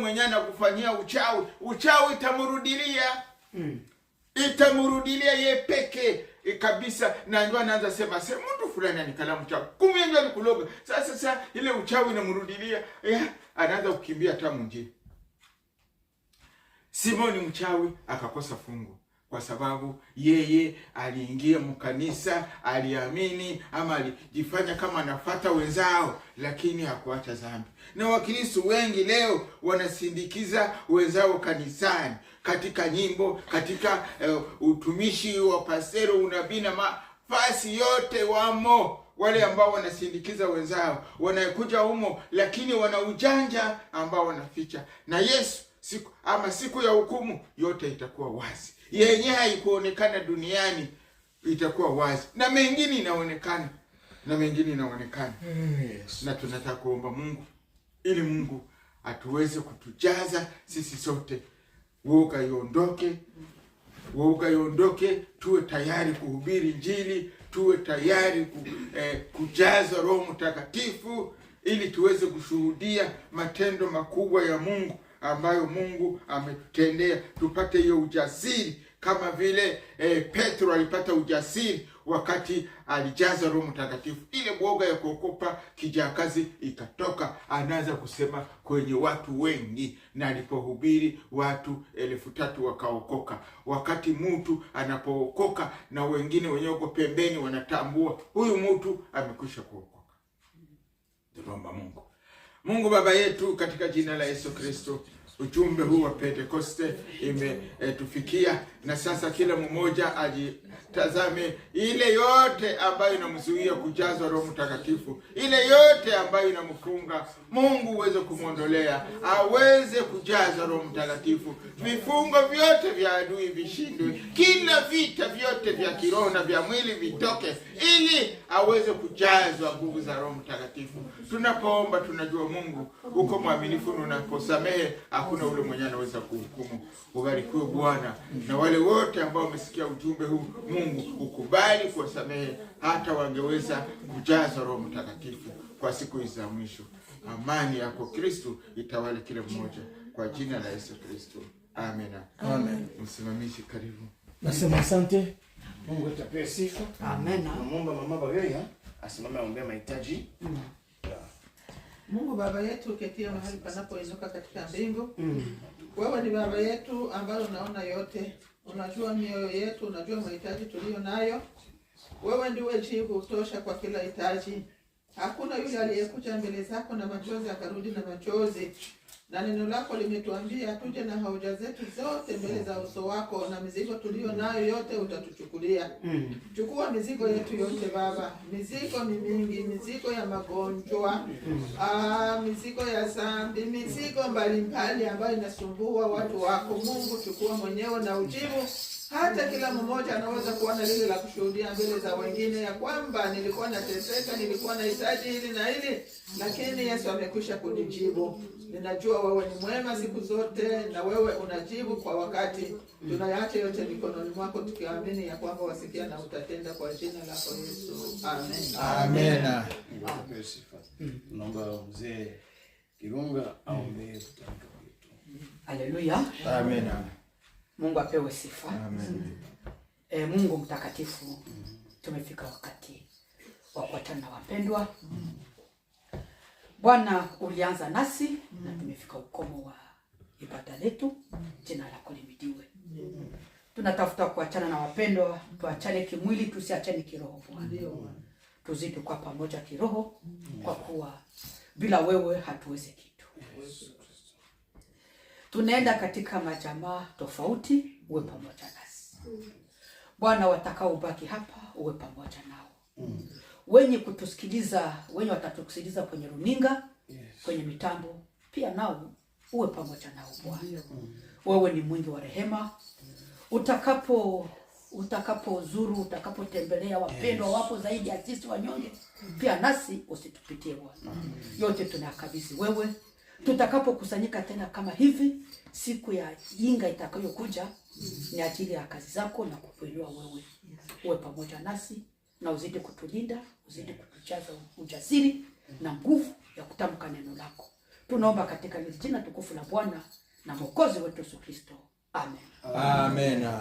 mwenye anakufanyia uchawi, uchawi itamrudilia mm. Itamurudilia hmm. ye peke e kabisa, na ndio anaanza sema sema mtu fulani anikala mchawi, kumbe ndio alikuloga. Sasa sasa ile uchawi inamrudilia eh, anaanza kukimbia hata mwingine. Simoni mchawi akakosa fungu kwa sababu yeye aliingia mkanisa, aliamini ama alijifanya kama anafata wenzao, lakini hakuacha dhambi. Na Wakristo wengi leo wanasindikiza wenzao kanisani, katika nyimbo, katika uh, utumishi wa pasero, unabii na mafasi yote wamo wale ambao wanasindikiza wenzao, wanakuja humo, lakini wana ujanja ambao wanaficha na Yesu siku ama siku ya hukumu yote itakuwa wazi. Yenye haikuonekana duniani itakuwa wazi, na mengine inaonekana na mengine inaonekana yes. Na tunataka kuomba Mungu ili Mungu atuweze kutujaza sisi sote, woga iondoke, woga iondoke, tuwe tayari kuhubiri njili tuwe tayari ku, eh, kujaza Roho Mtakatifu ili tuweze kushuhudia matendo makubwa ya Mungu ambayo Mungu ametutendea, tupate hiyo ujasiri kama vile eh, Petro alipata ujasiri wakati alijaza Roho Mtakatifu. Ile boga ya kuokopa kijakazi ikatoka, anaanza kusema kwenye watu wengi, na alipohubiri watu elfu tatu wakaokoka. Wakati mtu anapookoka na wengine wenyewe pembeni wanatambua huyu mtu amekwisha kuokoka, Mungu Mungu Baba yetu katika jina la Yesu Kristo. Ujumbe huu wa Pentekoste imetufikia, na sasa kila mmoja ajitazame ile yote ambayo inamzuia kujazwa Roho Mtakatifu, ile yote ambayo inamfunga Mungu uweze kumwondolea, aweze kujazwa Roho Mtakatifu. Vifungo vyote vya adui vishindwe, kila vita vyote vya kiroho na vya mwili vitoke, ili aweze kujazwa nguvu za Roho Mtakatifu. Tunapoomba tunajua Mungu uko mwaminifu, unaposamehe hakuna ule mwenye anaweza kuhukumu. Ubarikiwe Bwana na wale wote ambao wamesikia ujumbe huu. Mungu ukubali kuwasamehe hata wangeweza kujaza Roho Mtakatifu kwa siku hizi za mwisho. Amani yako Kristo itawale kila mmoja kwa jina la Yesu Kristo, amena. Amen. Msimamishi, karibu. Nasema asante. Mungu atapewe sifa. Amena. Mungu mama Bagaya asimame aombea mahitaji. Mm. Mungu Baba yetu uketie mahali panapoinuka katika mbingu, mm. Wewe ni Baba yetu ambaye unaona yote, unajua mioyo yetu, unajua mahitaji tuliyo nayo. Wewe ndiwe jibu tosha kwa kila hitaji. Hakuna yule aliyekuja mbele zako na machozi akarudi na machozi na neno lako limetuambia tuje na hoja zetu zote mbele za uso wako, na mizigo tuliyo nayo yote utatuchukulia. Mm. Chukua mizigo yetu yote Baba. Mizigo ni mingi, mizigo ya magonjwa mm. Aa, ah, mizigo ya zambi, mizigo mbalimbali ambayo inasumbua watu wako. Mungu, chukua mwenyewe na ujibu mmoja anaweza kuona lile la kushuhudia mbele za wengine ya kwamba nilikuwa nateseka, nilikuwa na hitaji hili na hili, lakini Yesu amekwisha kunijibu. Ninajua wewe ni mwema siku zote, na wewe unajibu kwa wakati. Tunayaacha yote mikononi mwako, tukiamini ya kwamba wasikia na utatenda kwa jina lako Yesu, amen. Naomba mzee Kirunga aombee kutamka kwetu. amen. amen. Mungu apewe sifa. Amen. E, Mungu mtakatifu, tumefika wakati wa kuachana na wapendwa. Bwana, ulianza nasi na tumefika ukomo wa ibada letu. Jina lako limidiwe. Tunatafuta kuachana na wapendwa, tuachane kimwili, tusiachane kiroho. Bwana, tuzidi kwa pamoja kiroho, kwa kuwa bila wewe hatuwezi kitu tunaenda katika majamaa tofauti, uwe pamoja nasi Bwana. Watakaobaki hapa uwe pamoja nao, wenye kutusikiliza, wenye watatusikiliza kwenye runinga, kwenye mitambo pia, nao uwe pamoja nao Bwana. Wewe ni mwingi wa rehema, utakapo utakapozuru utakapotembelea wapendwa wapo zaidi ya sisi wanyonge, pia nasi usitupitie Bwana. Yote tunakabidhi wewe tutakapokusanyika tena kama hivi siku ya yinga itakayokuja, ni ajili ya kazi zako na kukuinua wewe, uwe pamoja nasi na uzidi kutulinda, uzidi kutujaza ujasiri na nguvu ya kutamka neno lako. Tunaomba katika jina tukufu la Bwana na Mwokozi wetu Yesu Kristo, amen, amen.